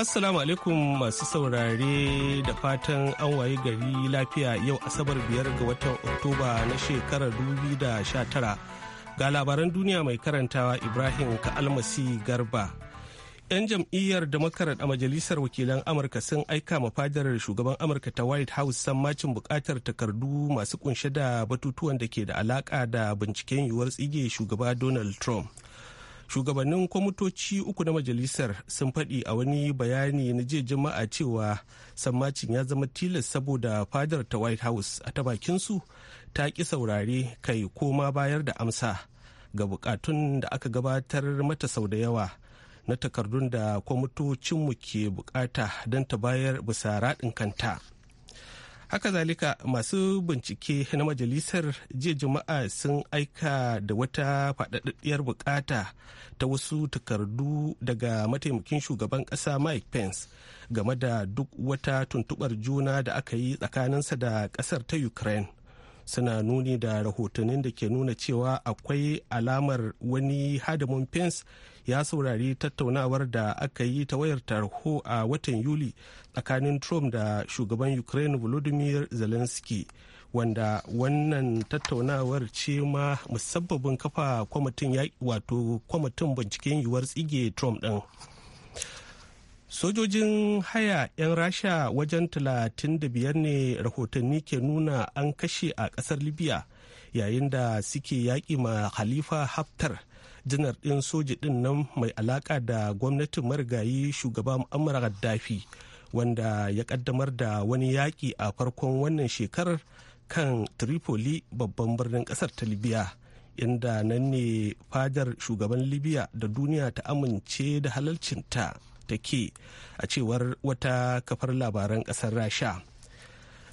Assalamu alaikum masu saurare da fatan an waye gari lafiya yau Asabar biyar ga watan Oktoba na shekarar 2019 ga labaran duniya mai karantawa Ibrahim ka Almasi Garba. 'Yan jam'iyyar da makarar a Majalisar Wakilan Amurka sun aika ma shugaban Amurka ta White House samacin bukatar takardu masu kunshe da batutuwan da ke da alaka da binciken yiwuwar tsige shugaba Donald Trump. shugabannin kwamitoci uku na majalisar sun faɗi a wani bayani na jiya jama'a cewa sammacin ya zama tilas saboda fadar ta white house a ta bakinsu ta ki saurare kai ko ma bayar da amsa ga bukatun da aka gabatar mata sau da yawa na takardun da kwamitocinmu ke bukata don ta bayar bisa raɗin kanta. haka zalika masu bincike na majalisar jiya juma'a sun aika da wata faɗaɗɗiyar bukata ta wasu takardu daga mataimakin shugaban ƙasa mike pence game da duk wata tuntubar juna da aka yi tsakaninsa da ƙasar ta ukraine suna nuni da rahotannin da ke nuna cewa akwai alamar wani hadamin pence ya saurari tattaunawar da aka yi ta wayar tarho a watan yuli tsakanin trump da shugaban ukraine volodymyr zelensky wanda wannan tattaunawar ce ma musabbabin kafa kwamitin wato kwamitin binciken yiwuwar tsige trump din sojojin haya 'yan rasha wajen 35 ne rahotanni ke nuna an kashe a kasar libya yayin da suke yaƙi ma halifa haftar janar ɗin soji ɗin nan mai alaƙa da gwamnatin marigayi shugaba muammar gaddafi wanda ya ƙaddamar da wani yaƙi a farkon wannan shekarar kan tripoli babban birnin ƙasar ta libya inda nan ne fadar shugaban libya da duniya ta amince da halalcinta. take a cewar wata kafar labaran kasar rasha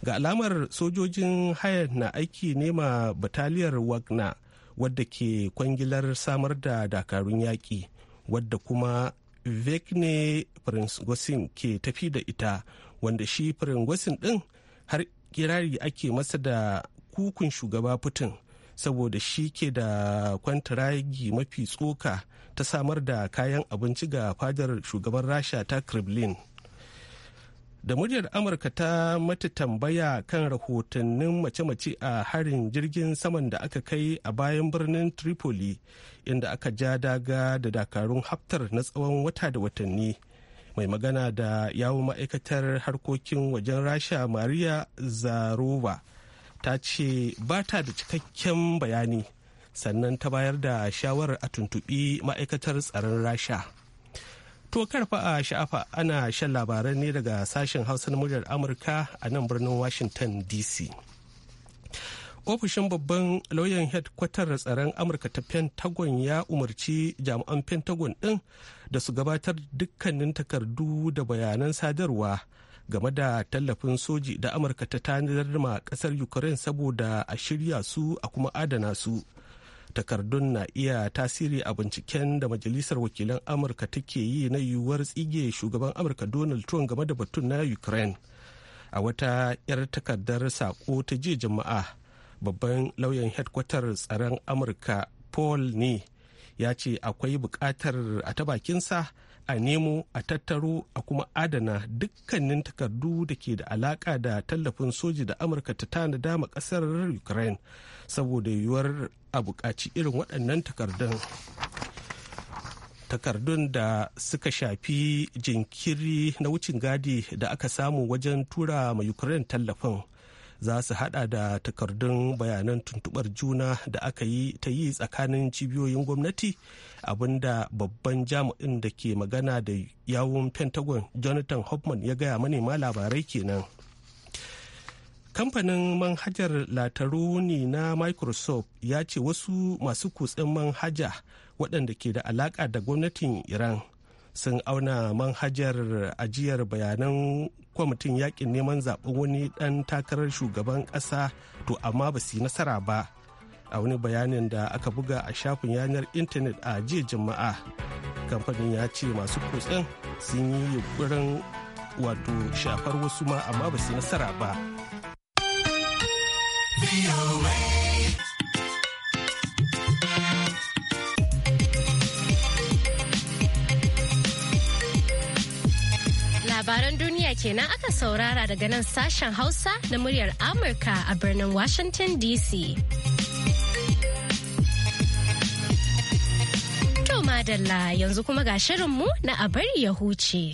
ga alamar sojojin haya na aiki nema bataliyar wagner wadda ke kwangilar samar da dakarun yaƙi wadda kuma vekne prince gosin ke tafi da ita wanda shi prince gosin ɗin har kirari ake masa da kukun shugaba putin saboda shi ke da kwantaragi mafi tsoka ta samar da kayan abinci ga fadar shugaban rasha ta kremlin da muryar amurka ta mata tambaya kan rahotannin mace-mace a harin jirgin saman da aka kai a bayan birnin tripoli inda aka ja daga da dakarun haftar na tsawon wata da watanni mai magana da yawon ma'aikatar harkokin wajen rasha maria zarova ta ce ba ta da cikakken bayani sannan ta bayar da shawarar a tuntuɓi ma'aikatar tsaron rasha to karfa a sha'afa ana shan labaran ne daga sashen hausa na muryar amurka a nan birnin washington dc ofishin babban lauyan headkwatar tsaron amurka ta pentagon ya umarci jami'an pentagon ɗin da su gabatar dukkanin takardu da bayanan sadarwa game da tallafin soji da amurka ta tanadar ma kasar ukraine saboda a shirya su a kuma adana su takardun na iya tasiri a binciken da majalisar wakilan amurka take yi na yiwuwar tsige shugaban amurka donald trump game da batun na ukraine a wata 'yar takardar sako ta jiya jama'a babban lauyan headquarter tsaron amurka paul ne ya ce akwai buƙatar a ta bakinsa a nemo a tattaro a kuma adana dukkanin takardu da ke da alaƙa da tallafin soji da amurka ta tanada ma kasar ukraine saboda yiwuwar a buƙaci irin waɗannan takardun takardun da suka shafi jinkiri na wucin gadi da aka samu wajen tura ma ukraine tallafin za su hada da takardun bayanan tuntubar juna da aka yi ta yi tsakanin cibiyoyin gwamnati abinda babban jami'in da ke magana da yawun pentagon jonathan hoffman ya gaya manema labarai kenan kamfanin manhajar lataruni na microsoft ya ce wasu masu kutsen manhaja waɗanda ke da alaƙa da gwamnatin iran sun auna manhajar ajiyar bayanan kwamitin yakin neman zaɓen wani ɗan takarar shugaban ƙasa to amma ba su yi nasara ba a wani bayanin da aka buga a shafin yanar intanet a jiya jama'a kamfanin ya ce masu kutsen sun yi yunkurin wato shafar wasu ma amma ba su yi nasara ba Labaran duniya kenan aka saurara daga nan sashen Hausa na muryar Amurka a birnin Washington DC. To madalla yanzu kuma ga shirinmu na a ya huce.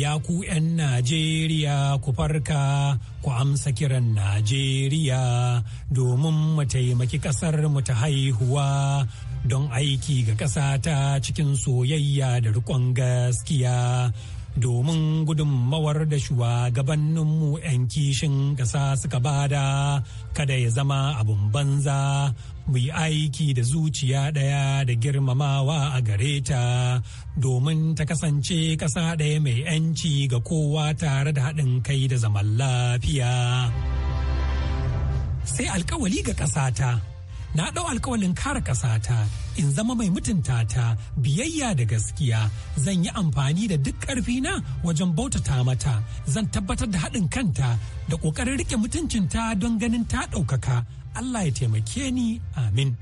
ya ku 'yan Najeriya ku farka ku amsa kiran Najeriya domin mu taimaki kasar mu ta haihuwa don aiki ga ƙasa ta cikin soyayya da riƙon gaskiya. Domin gudunmawar da shugabanninmu 'yan kishin ƙasa suka bada kada ya zama abin banza mu yi aiki da zuciya ɗaya da girmamawa a gare ta domin ta kasance ƙasa ɗaya mai 'yanci ga kowa tare da haɗin kai da zaman lafiya. Sai alkawali ga ƙasata. Na ɗau alkawalin kare ƙasata in zama mai mutunta ta biyayya da gaskiya zan yi amfani da duk ƙarfina wajen bautata mata zan tabbatar da haɗin kanta da ƙoƙarin rike mutuncinta don ganin ta ɗaukaka Allah ya taimake ni amin.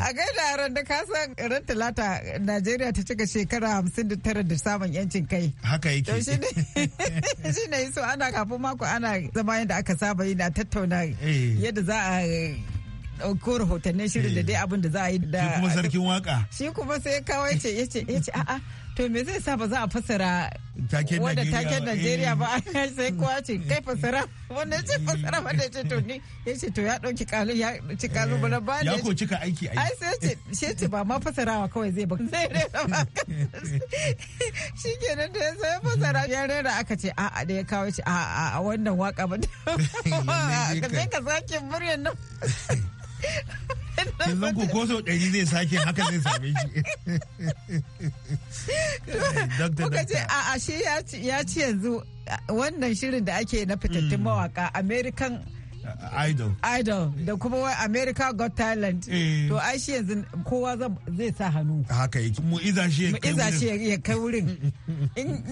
a gaida ran da kasan ran talata najeriya ta cika shekara hamsin da tara da samun yancin kai haka yake shi ne so ana kafin mako ana zama yadda aka saba yi na tattauna eh. yadda za a ko rahotannin shirin da eh. dai abin da za a yi da shi kuma sarkin waka shi kuma sai kawai ce ya ce a'a to me zai sa ba za a fasara wadda taken Najeriya ba eh. sai kowa ce kai fasara wanda ce fasara wanda ce to ni ya ce to ya ɗauki kalu ya ci kalu bala ba ne ya ko cika aiki ai sai ce shi ce ba ma fasarawa kawai zai ba zai rera ba shi nan da ya sai fasara ya rera aka ce a a da ya kawo ce a a wannan waka ba ka sai ka sake muryan nan kin zan ko ko sau ɗari zai sake haka zai same shi kuka ce a ashe ya ci yanzu wannan shirin da ake na fitattun mm. mawaka american idol idol da kuma wai america got talent eh. to ai shi yanzu kowa zai sa hannu haka yake mu iza shi ya kai wurin in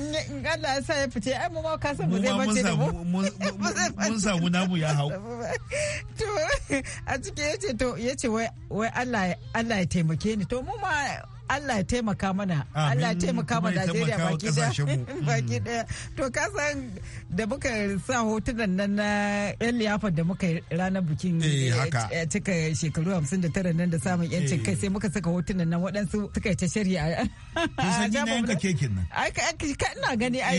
Allah ya sa ya fice ai mu ma ka san mu zai bace da mu mun samu namu ya hau to a cikin yace to yace wai Allah ya taimake ni to mu ma Allah ya taimaka mana Allah ya taimaka mana Najeriya baki daya mm. baki to ka san da muka sa hotunan nan na yan liyafar da muka ranar bikin eh, eh, eh, cika shekaru 59 nan da samun yancin kai sai muka saka hotunan nan waɗansu suka ta shari'a a jami'in ka kekin nan ina gani ai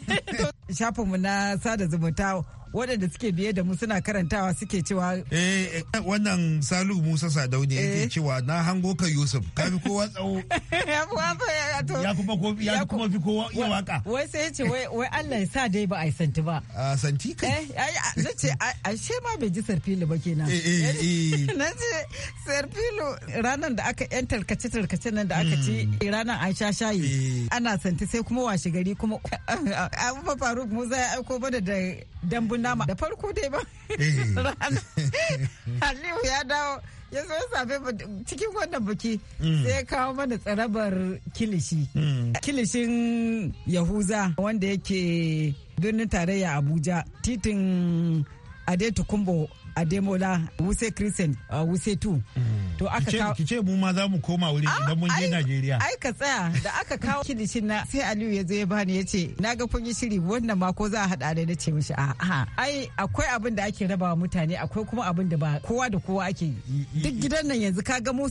shafinmu na sada zumunta waɗanda suke biye da mu suna karantawa suke cewa eh, eh wannan salu musa sadau ne yake eh. cewa na hango ka yusuf ka fi kowa tsawo ya kuma ya kuma fi kowa ya waka wai sai ce wai wai Allah ya sa dai ba a santi ba a santi kai eh na ce she ma bai ji sarfilu ba kenan eh, na ce sarfilu ranar da aka yan tarkace tarkace nan da aka ci hmm. ranar an sha shayi ana santi sai kuma washe gari kuma abubuwa faruk musa ya aiko bada da dambun nama da farko dai ba eh. Aliyu ya dawo ya zo safe cikin wannan buki mm. sai ya kawo mana tsarabar kilishi mm. kilishin yahuza wanda yake birnin tarayya abuja titin ade tukumbo ademola wuse christian uh, wuse tu mm. to aka kawo kice mu ma za mu koma wuri ah, idan mun je Najeriya ai ka tsaya da aka kawo kidishin na sai Aliyu ya zo ya bani ya ce na ga kun yi shiri wannan ma ko za a hada da nace mishi a a ai akwai abin da ake rabawa mutane akwai kuma abin da ba kowa da kowa ake duk gidan nan yanzu ka ga mun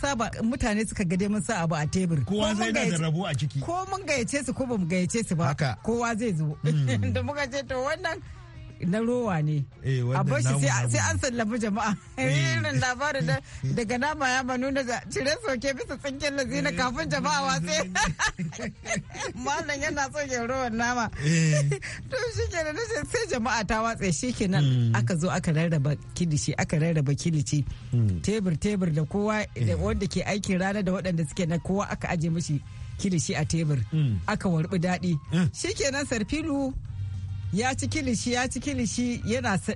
saba mutane suka ga dai mun sa abu a tebur kowa zai da rabo a ciki ko mun gayyace su ko ba mu gayyace su ba kowa zai zo mm. da muka ce to wannan na rowa ne eh, a bashi sai an sallafi jama'a eh. irin labarin daga nama ya ma nuna cire soke bisa tsinken lazina eh. kafin jama'a watsi malam yana so ya rowan nama to shi kenan sai jama'a ta watse shi nan hmm. aka zo aka rarraba kilishi aka rarraba kilici hmm. tebur tebur da kowa wanda ke aikin rana da waɗanda suke na kowa aka aje mishi kilishi a tebur hmm. aka warbi daɗi shi nan sarfilu ya ci kilishi ya ci kilishi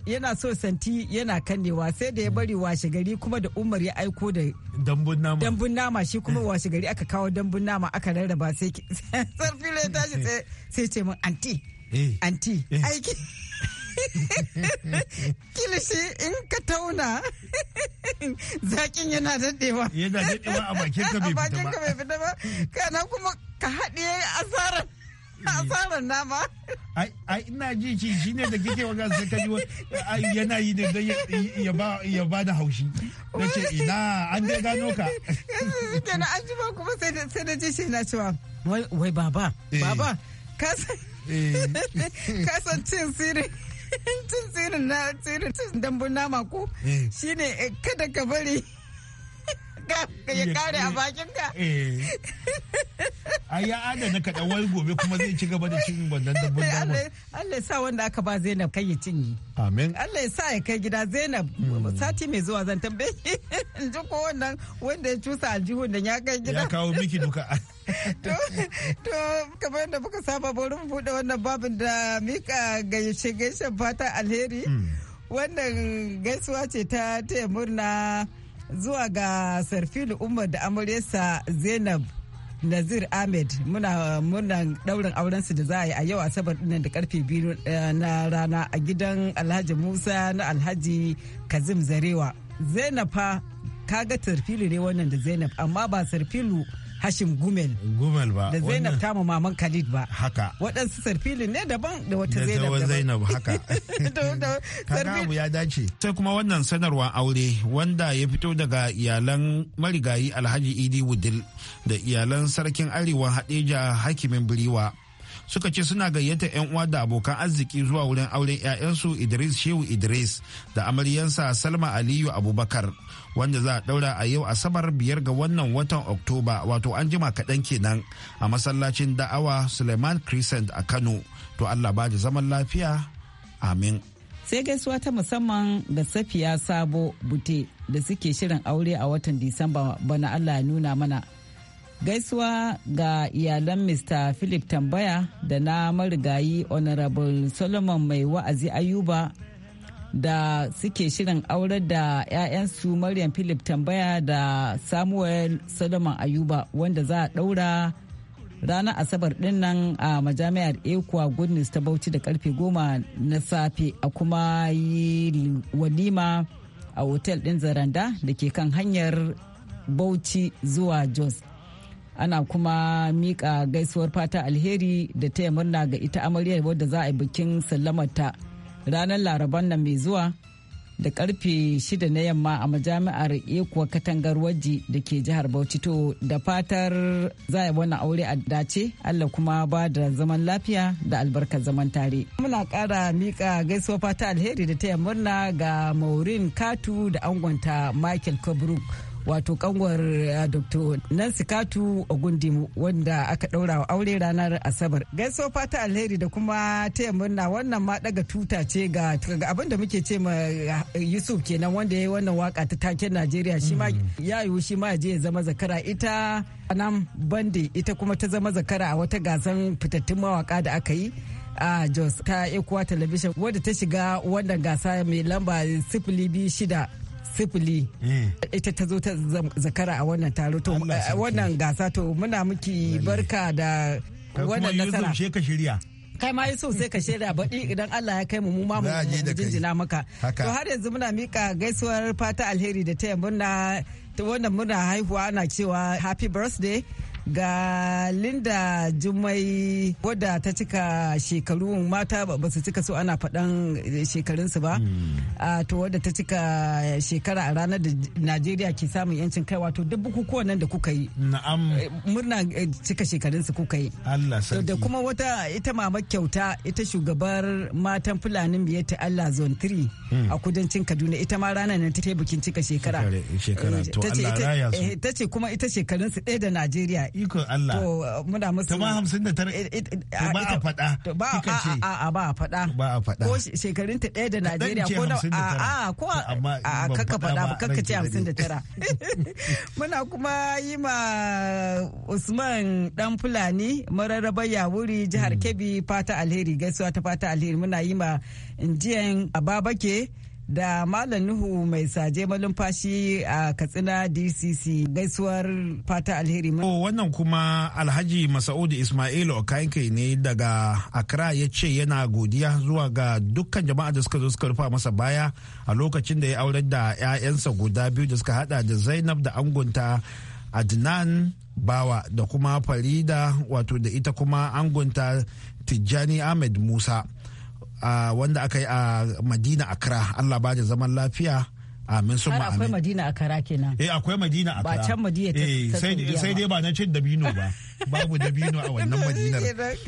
yana so santi yana kannewa sai da ya bari washe gari kuma da umar ya aiko da dambun nama dambun nama shi kuma eh. washe gari aka kawo dambun nama aka rarraba sai sarfi ya tashi eh. sai ce min anti eh. anti aiki kilishi in ka tauna zakin yana daɗewa yana daɗewa a bakin ka bai fita ba kana kuma ka haɗe asarar asarar nama ai ina ji shi ne da kike waga sai kaji yana yi da ya ba ya ba da haushi nace ina an dai gano ka kenan an ji ba kuma sai da ji shi na cewa wai baba eh. baba ka eh. cin sirri cin sirrin na sirrin dambun nama ko eh. shine kada ka bari ya kare a bakinka eh. ai ya adana ka wani gobe kuma zai ci gaba da cin wannan dabbun Allah ya sa wanda aka ba Zainab kai ya cinye amin Allah ya sa ya kai gida Zainab hmm. sati mai zuwa zan tambaye in ji ko wannan wanda ya cusa aljihun da ya kai gida ya kawo miki duka to kamar yadda muka saba bari mu bude wannan babin da mika gaishe gaishen fata alheri hmm. wannan gaisuwa ce ta taya murna zuwa ga sarfilu umar da amuryarsa zainab nazir ahmed muna muna daurin aurensu da za a yi a yau asabar dinnan da karfe biyu eh, na rana a gidan alhaji musa na alhaji kazim zarewa zainab fa ga sarfilu ne wannan da zainab amma ba sarfilu Hashim Gumel. Gumel ba. Da Zainab ta ma maman Khalid ba. Haka. Waɗansu sarfilin ne daban da wata Zainab daban. Da Zainab haka. Kaka abu ya dace. Sai kuma wannan sanarwa aure wanda ya fito daga iyalan marigayi Alhaji Idi Wudil da iyalan sarkin Arewa Hadeja Hakimin Biriwa. suka ce suna gayyata 'yan uwa da abokan arziki zuwa wurin auren 'ya'yansu Idris Shehu Idris da amaryansa Salma Aliyu Abubakar. wanda za a daura a yau asabar biyar ga wannan watan oktoba wato an jima kaɗan kenan a masallacin da'awa suleiman crescent a kano to allah ba da zaman lafiya amin sai gaisuwa ta musamman ga safiya sabo bute da suke shirin aure a watan disamba bana allah nuna mana gaisuwa ga iyalan mr philip tambaya da na marigayi honorable solomon mai wa'azi ayuba da suke shirin aurar da 'ya'yansu Maryam Philip tambaya da Samuel Solomon Ayuba wanda za a daura ranar Asabar dinnan a majami'ar Ekuwa Goodness ta Bauchi da karfe goma na safe a kuma yi walima a otel din Zaranda da ke kan hanyar Bauchi zuwa Jos. ana kuma miƙa gaisuwar fata alheri da taya murna ga ita amaryar wadda za a yi bikin sallamarta. ta ranar laraban nan mai zuwa da karfe shida na yamma a majami'ar ekuwa katangar waje da ke jihar bauchi to da fatar za a wani aure a dace allah kuma ba da zaman lafiya da albarkar zaman tare muna kara mika gaisuwa fata alheri da ta taya murna ga maureen katu da angonta michael kubrick wato kanwar eh, dr nancy katu ogundimu wanda aka daura wa aure ranar asabar gaiso fata alheri da kuma taya murna wannan ma daga tuta ce ga abin da muke ce ma eh, yusuf kenan wanda ya yi wannan waka ta taken najeriya shi ma mm. ya yiwu shi ma je ya zama zakara ita nan bande ita kuma ta zama zakara a wata gasan fitattun mawaka da aka yi a jos ta ekuwa television wadda ta shiga wannan gasa mai lamba sifili biyu shida sifili eh. ita ta zo ta zakara a wannan taro to eh, wannan gasa to muna miki barka da wannan nasara kai ma yaso sai ka shaida baɗi idan Allah ya kai mu mu ma mu jinjina maka to har yanzu muna mika gaisuwar fata alheri da taya murna ta wannan muna haihuwa ana cewa happy birthday ga linda jumai wadda ta cika shekaru mata ba su cika so ana faɗan shekarunsu ba hmm. ah, to wadda ta cika shekara a ranar da najeriya ke samun yancin kai wato duk bukukuwan nan da kuka yi Na'am. Eh, murna eh, cika shekarunsu kuka yi Allah da kuma wata ita mama kyauta ita shugabar matan Fulani biyar ta allah zone 3 hmm. a kudancin kaduna ita ma ranar nan ta bikin cika shekara Shekara eh, to Allah ta ce kuma ita shekarunsu ɗaya da najeriya Ikon Allah. To uh, muna musu. Tama hamsin da tara. Eh, eh, eh, ba a faɗa. Ba a ba a faɗa. Ba a faɗa. Ko shekarun ta ɗaya da Najeriya ko na a a ko a kaka faɗa ba kaka ce hamsin da tara. Muna kuma yi ma Usman Dan Fulani mararraba wuri jihar hmm. Kebbi fata alheri gaisuwa ta fata alheri muna yi ma injiyan Ababake. da Malam Nuhu mai saje malumfashi a Katsina DCC gaisuwar fata alheri. Oh, wannan kuma Alhaji Masa'ud Ismailu Okanke ne daga Accra ya ce yana godiya zuwa ga dukkan jama'a da suka zo suka rufa masa baya a lokacin da ya aurar da 'ya'yansa guda biyu da suka hada da Zainab da angunta Adnan Bawa da kuma Farida wato da ita kuma angonta Tijjani Ahmed Musa. wanda aka yi a madina akra allah ba da zaman lafiya amin sun ma'amin akwai madina akara kenan eh akwai madina akra ba can madina ta dai eh, sai dai ba na cin dabino ba babu dabino a wannan madinar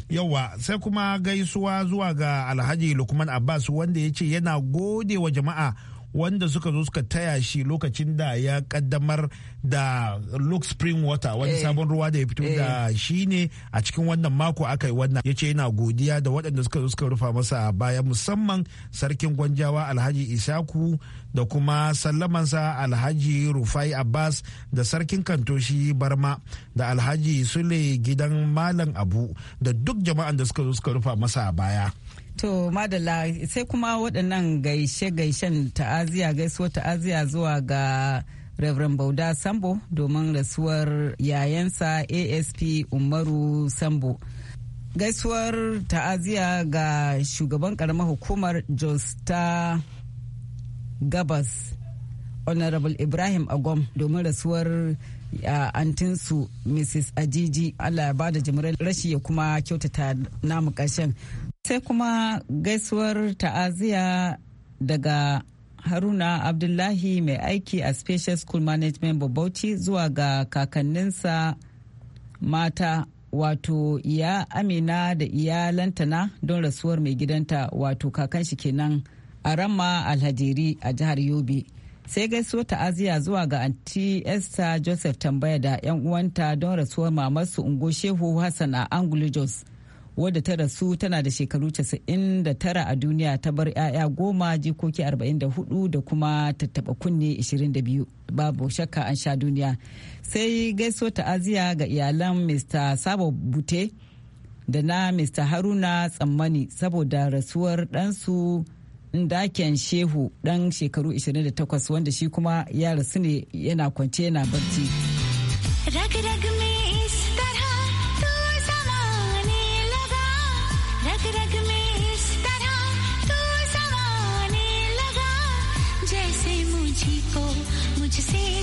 yawa sai kuma gaisuwa zuwa ga alhaji lukman abbas wanda ya ce yana gode wa jama'a wanda suka zo suka taya shi lokacin da ya kaddamar da look spring water wani eh. sabon ruwa da ya fito da eh. shi ne a cikin wannan mako aka yi wannan ya ce yana godiya da waɗanda suka zo suka rufa masa a baya musamman sarkin gwanjawa alhaji isaku da kuma sallamansa alhaji rufai abbas da sarkin kantoshi barma da alhaji sule gidan malam abu da duk jama'an da suka zo suka rufa masa a baya. To Madala sai kuma waɗannan gaishe-gaishen ta'aziya gaisuwar ta'aziya zuwa ga Reverend Bauda Sambo domin rasuwar yayansa ASP Umaru Sambo. Gaisuwar ta'aziya ga shugaban ƙaramar hukumar Josta ta Gabas, Honorable Ibrahim Agom domin rasuwar a antinsu Mrs. Ajiji Allah ya bada jimirar rashi ya kuma kyautata namu ƙarshen. Sai kuma gaisuwar ta'aziya daga Haruna Abdullahi mai aiki a Special School Management Bauchi zuwa ga kakanninsa mata wato iya amina da iyalanta na don rasuwar mai gidanta wato kakan shi kenan a rama alhajiri a jihar yobe sai gaisuwar ta'aziya zuwa ga anti esther joseph tambaya da 'yan uwanta don rasuwar mamarsu ungo shehu hassan a anglo jos wadda ta rasu tana da shekaru 99 a duniya ta bar 'ya'ya goma jikoki 44 da kuma tattaba kunne 22 babu shakka an sha duniya sai gaiso ta'aziya ga iyalan mr sabo bute da na mr haruna tsammani saboda rasuwar ɗansu daken shehu ɗan shekaru 28 wanda shi kuma ya rasu ne yana kwance yana barci.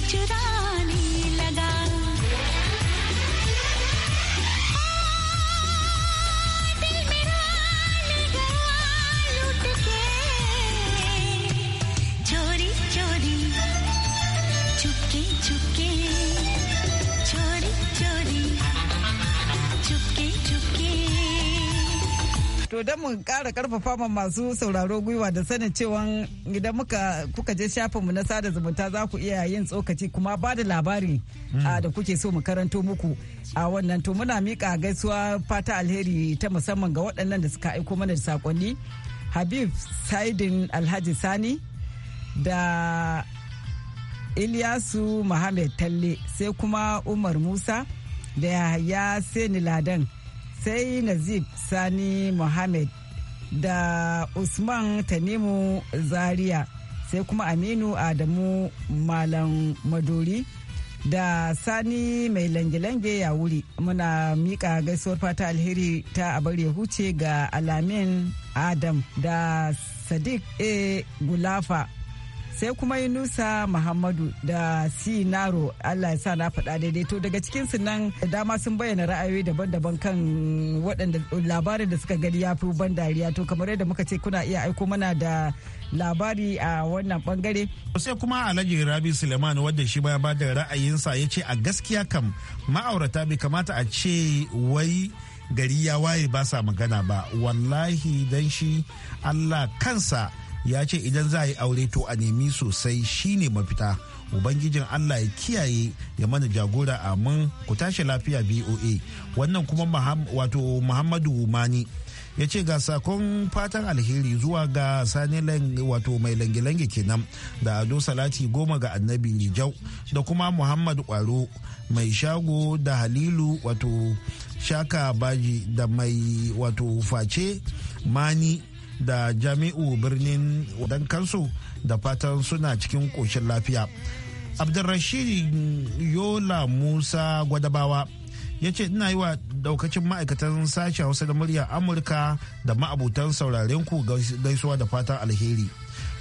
知到。To don mu ƙara karfafa ma masu sauraro gwiwa da sanin cewa idan muka kuka je shafin mu na sada zumunta za ku iya yin tsokaci kuma ba da labari da kuke so mu karanto muku a wannan to muna mika gaisuwa fata alheri ta musamman ga waɗannan da suka aiko mana da sakonni Habib Saidin Alhaji Sani da iliyasu Muhammad Talle sai kuma Umar Musa da ya Seni Ladan. sai nazib sani mohammed da usman tanimu zaria sai kuma aminu adamu malam maduri da sani mai lange-lange ya wuri muna mika gaisuwar fata alheri ta abar ya huce ga alamin adam da sadiq a gulafa sai kuma yunusa muhammadu da sinaro allah ya sa na faɗa daidai to daga cikin su nan dama sun bayyana ra'ayoyi daban-daban kan waɗanda labarin da suka gani ya fi ban dariya to kamar yadda muka ce kuna iya aiko mana da labari a wannan bangare. sai kuma alhaji rabi suleiman wadda shi ba ya ba da ra'ayinsa ya ce a gaskiya kam ma'aurata bai kamata a ce wai gari ya waye ba sa magana ba wallahi dan shi allah kansa ya ce idan za a yi aure to a nemi sosai shine mafita ubangijin allah ya kiyaye ya mana jagora amin ku tashi lafiya boa wannan kuma wato muhammadu mani ya ce ga sakon fatan alheri zuwa ga sani wato mai langi-langi langi-langi kenan da ado salati goma ga annabi lijau da kuma Muhammadu kwaro mai shago da halilu wato shaka baji da mai wato face mani da jami'u birnin kansu da fatan suna cikin ƙoshin lafiya abdulrashid yola musa gwadabawa ya ce ina yi wa daukacin ma'aikatan sashen hausa da muryar amurka da ma'abutan sauraren ku gaisuwa da fatan alheri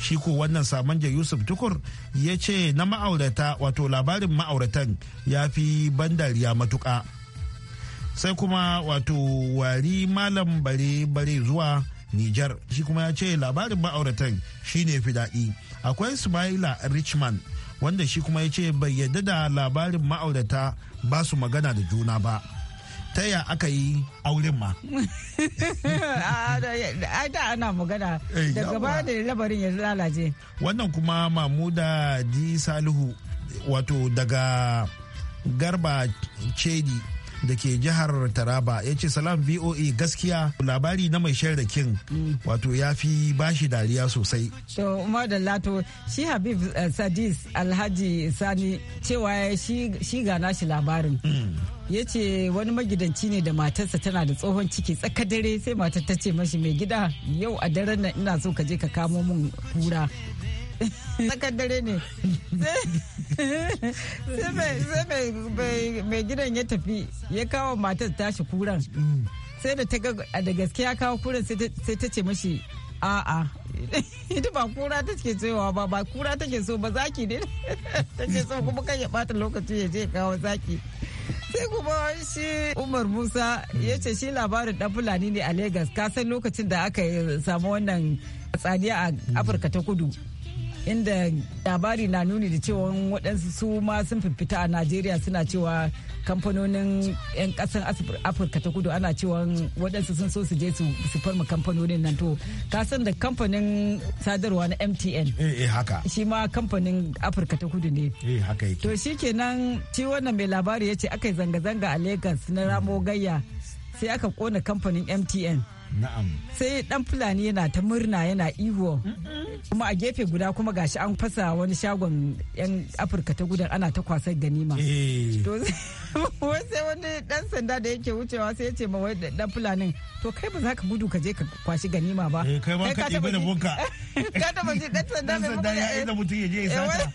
shi ko wannan je yusuf tukur ya ce na ma'aurata wato labarin ma'auratan ya fi ban dariya matuka sai kuma wato wari malam bare bare zuwa Nijar. Shi kuma ya ce labarin ma'auratan shine fi daɗi. Akwai Sumaila Richman wanda shi kuma ya ce bai yadda da labarin ma'aurata ba su magana da juna ba. ta ya aka yi auren ma. da ana magana eh, daga ba da labarin ya lalace. Wannan kuma Mamuda Di Salihu wato daga Garba cedi da ke jihar Taraba ya ce salam VOA gaskiya labari na mai rakin. wato ya fi bashi dariya sosai. To Umar da Lato shi Habib eh, Sadis Alhaji Sani cewa shi gana shi labarin. Mm. ya ce wani magidanci ne da matarsa tana da tsohon ciki tsakar dare sai matar ta ce mashi mai gida yau a daren nan ina so ka je ka kamo min kura tsakar dare ne sai mai gidan ya tafi ya kawo matar tashi kuran sai da ta da gaske ya kawo kuran sai ta ce mashi a'a ita ba kura ta ke cewa ba ba kura ta ke so ba zaki ne ta ke so kuma kan ya bata lokaci ya je kawo zaki sai kuma shi umar musa ya ce shi labarin dan fulani ne a lagos ka san lokacin da aka samu wannan tsaniya a afirka ta kudu inda labari na nuni da cewa waɗansu su ma sun fifita a najeriya suna cewa kamfanonin 'yan ƙasar afirka ta kudu ana cewa waɗansu sun so su je su farma kamfanonin nan to ka san da kamfanin sadarwa na mtn eh, eh, haka shi ma kamfanin afirka ta kudu ne eh, to shi kenan shi wannan mai labari ya ce aka yi zanga-zanga a lagos na ramo gayya sai aka kona kamfanin mtn na'am sai dan fulani yana ta murna yana ihu kuma a gefe guda kuma gashi an fasa wani shagon yan afirka ta gudan ana ta kwasar ganima eh. sai wani dan sanda da yake wucewa sai ya ce ma wai dan fulanin to kai ba za ka gudu ka je ka kwashi ganima ba eh, kai ba ka ɗiba da bunka ka taba ji dan sanda mai sanda ya yi mutum ya je ya eh, sata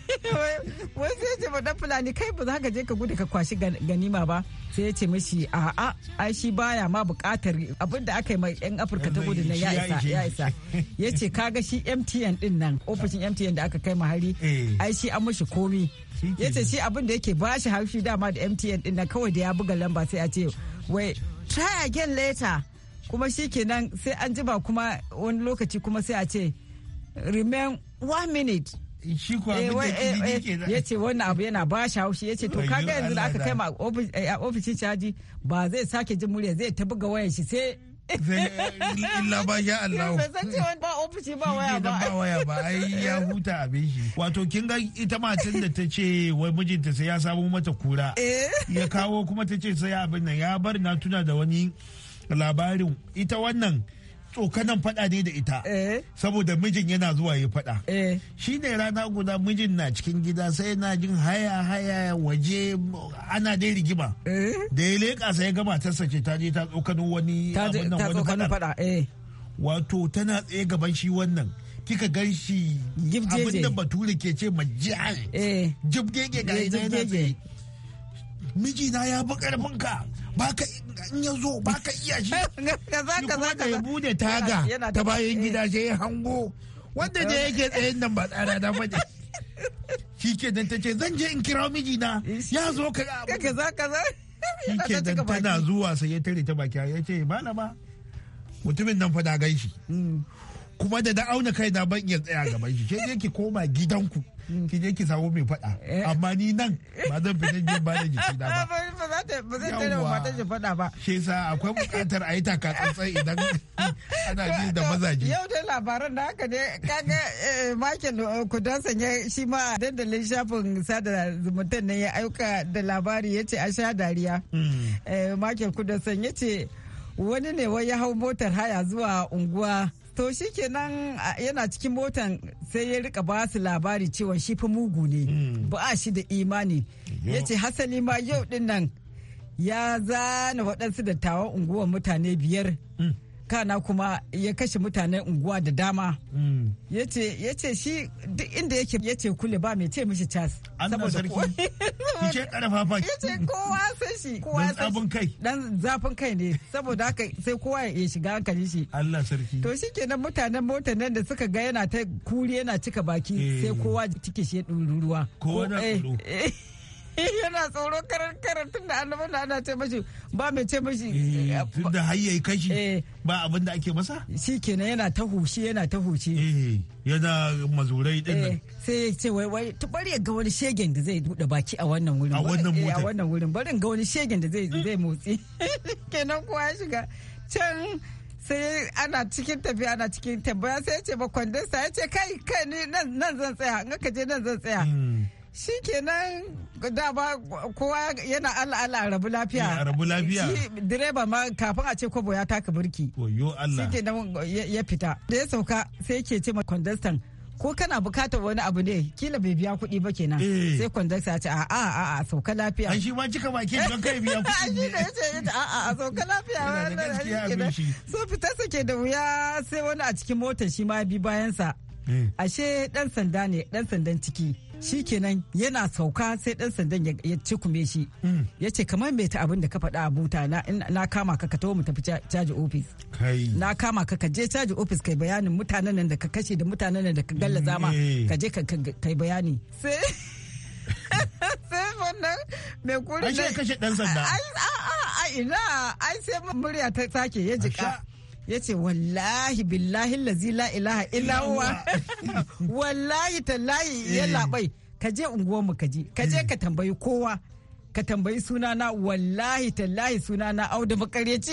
wai sai ya ce ma dan fulani kai ba za ka je ka gudu ka kwashi ganima ba sai ya ce mishi a'a ai shi baya ma bukatar abin da aka yi mai 'yan afirka ta gudu na ya isa ya isa ya ce kaga shi mtn din nan ofishin mtn da aka kai mahari eh. ai shi an mashi komi ya ce shi abin da yake bashi haushi dama da mtn din nan kawai da ya buga lamba sai a ce wai try again later kuma shi kenan sai an ji ba kuma wani lokaci kuma sai a ce remain one minute shi eh, eh, ya ce wannan abu yana ba shi haushi ya ce to kaga yanzu da aka kai ma ofishin caji ba zai sake jin murya zai ta buga wayan shi sai Uh, illa ba sha Allah ba ofishi ba waya ba ba waya ba ai ya huta abin shi wato kin ga ita matan da ta ce wai mijinta sai ya samu mata kura eh. ya kawo kuma ta ce sai abin nan ya bar na tuna da wani labarin ita wannan tsokanan fada ne da ita eh. saboda mijin yana zuwa ya fada eh. shi ne rana guda mijin na cikin gida sai na jin haya haya waje ana dai rigima eh. da ya leƙa sai ya gama ta sace ta je ta tsokanin wani fada wato tana tsaye gaban shi wannan kika gan shi abinda bature ke ce majiyar jibgege ga ita yana tsaye miji ya fi karfin ka baka in ya zo baka iya shi kuma da ya bude taga ta bayan gida sai ya hango wanda da yake tsayin nan ba tsara da faɗi shi ke dan ta ce zan je in kira miji na ya zo ka kaza kaza shi ke dan tana zuwa sai ya tare ta baki ya ce ba na ba mutumin nan fa na gan shi mm. kuma da da auna kai da ban iya tsaya gaban shi sai yake koma gidanku Mm. ki je ki samu mai faɗa eh. amma ni nan ba zan fi jin ba da jiki da ba ba zan tare wa ta ji faɗa ba shi yasa akwai bukatar a yi taka tsantsan idan ana ji da mazaje yau dai labaran da haka ne kaga eh, makin eh, kudansan ya shi ma dandalin shafin sada zumunta ne ya aika da labari yace a sha dariya makin mm. kudansan ya ce wani ne wai ya hau motar haya zuwa unguwa to shi kenan yana cikin motan sai ya rika ba su labari cewa shi fa mugu ne mm. ba shi da imani ya ce hasali ma yau din nan ya zana waɗansu dattawan unguwar mutane biyar mm. kana kuma ya kashe mutanen unguwa da dama mm. ya ce shi duk inda yake ya ce kule ba mai ce mishi cas saboda ce fa. ya ce kowa san shi kowa san shi kai dan zafin kai ne saboda haka sai kowa ya shiga hankali shi Allah sarki to shikenan mutanen motar nan da suka ga yana ta kuri yana cika baki eh. sai kowa cike shi ya ɗuri ruwa kowa na eh, yana tsoro karar karar tun da annabi da ana ce mashi ba mai ce mashi eh, tun da hayyai kashi eh. ba abin da ake masa shi kenan yana ta hushi yana ta hushi eh, yana mazurai din nan sai ya ce wai wai to bari ga wani shegen da zai bude baki a wannan wurin a wannan wurin a wannan wurin bari ga wani shegen da zai zai motsi kenan kuwa ya shiga can sai ana cikin tafiya ana cikin tambaya sai ya ce ba kwandon ya ce kai kai ni nan zan tsaya in ka je nan zan tsaya hmm. shi kenan da ba kowa yana al'ala rabu lafiya a rabu lafiya shi direba ma kafin a ce kwabo ya taka birki oyo Allah shi kenan ya fita da ya sauka sai ke ce ma kwandastan ko kana bukatar wani abu ne kila bai biya kuɗi ba kenan eh. sai ya ce a'a a a sauka lafiya ai shi ma cika ke don kai biya kuɗi shi ne yace yace a a a sauka lafiya wannan so fitar sa ke da wuya sai wani a cikin motar shi ma ya bi bayansa eh. ashe dan sanda ne dan sandan ciki shi kenan yana sauka sai dan sandan ya cikume shi mm. ya ce kamar mai ta abin da ka faɗa a buta na kama ka ka taho mu tafi caji ofis na kama ka ka je caji ofis kai bayanin mutanen da ka kashe da mutanen da ka galla zama ka je kai bayani sai sai wannan mai kuri ai kashe dan sanda ai a ina ai sai murya ta sake ya jika ya ce wallahi billahi lazi la ilaha illawa wallahi tallahi ya eh. labai ka je unguwarmu ka je ka je ka tambayi kowa ka tambayi sunana wallahi tallahi sunana auda makareci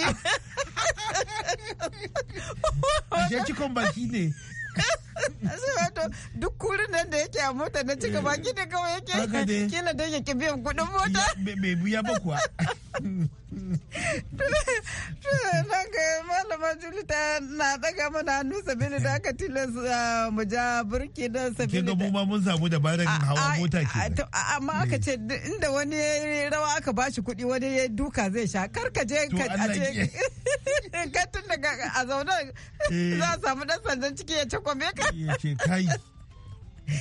ashe cikon baki ne wato duk kurin nan da yake a mota na cika baki eh. da kawai yake kina don yake biyan kuɗin mota bai biya ba kuwa Naka malama Julita na daga mana hannu sabili da aka tilasta ah, mu ja burki don sabili da. Kinga ma mun samu dabarar hawa mota ke. Amma aka eh. ce inda wani rawa aka bashi kuɗi wani ya duka zai sha kar ka je ka je. Ka tun daga a zaune eh. za a samu ɗan sandan ciki ya ce kwame ka yace kai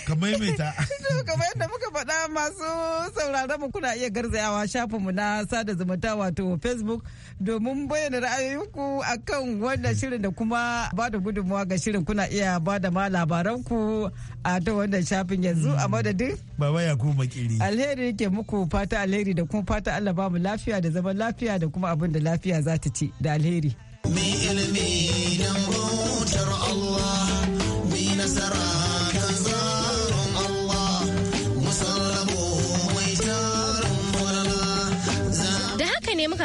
ka maimaita. kamar yadda muka faɗa masu sauraron mu kuna iya garzayawa shafinmu na sada zumunta wato facebook domin bayyana ra'ayoyinku akan wannan shirin da kuma ba da gudunmawa ga shirin kuna iya ba da ma labaranku a ta wannan shafin yanzu a hmm. madadin. Baba ya ku makiri. Alheri yake muku fata alheri da kuma fata Allah ba mu lafiya da zaman lafiya da kuma abin da lafiya za ta ci da alheri. Mai ilimi don Allah.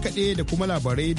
kaɗe-kaɗe da kuma labarai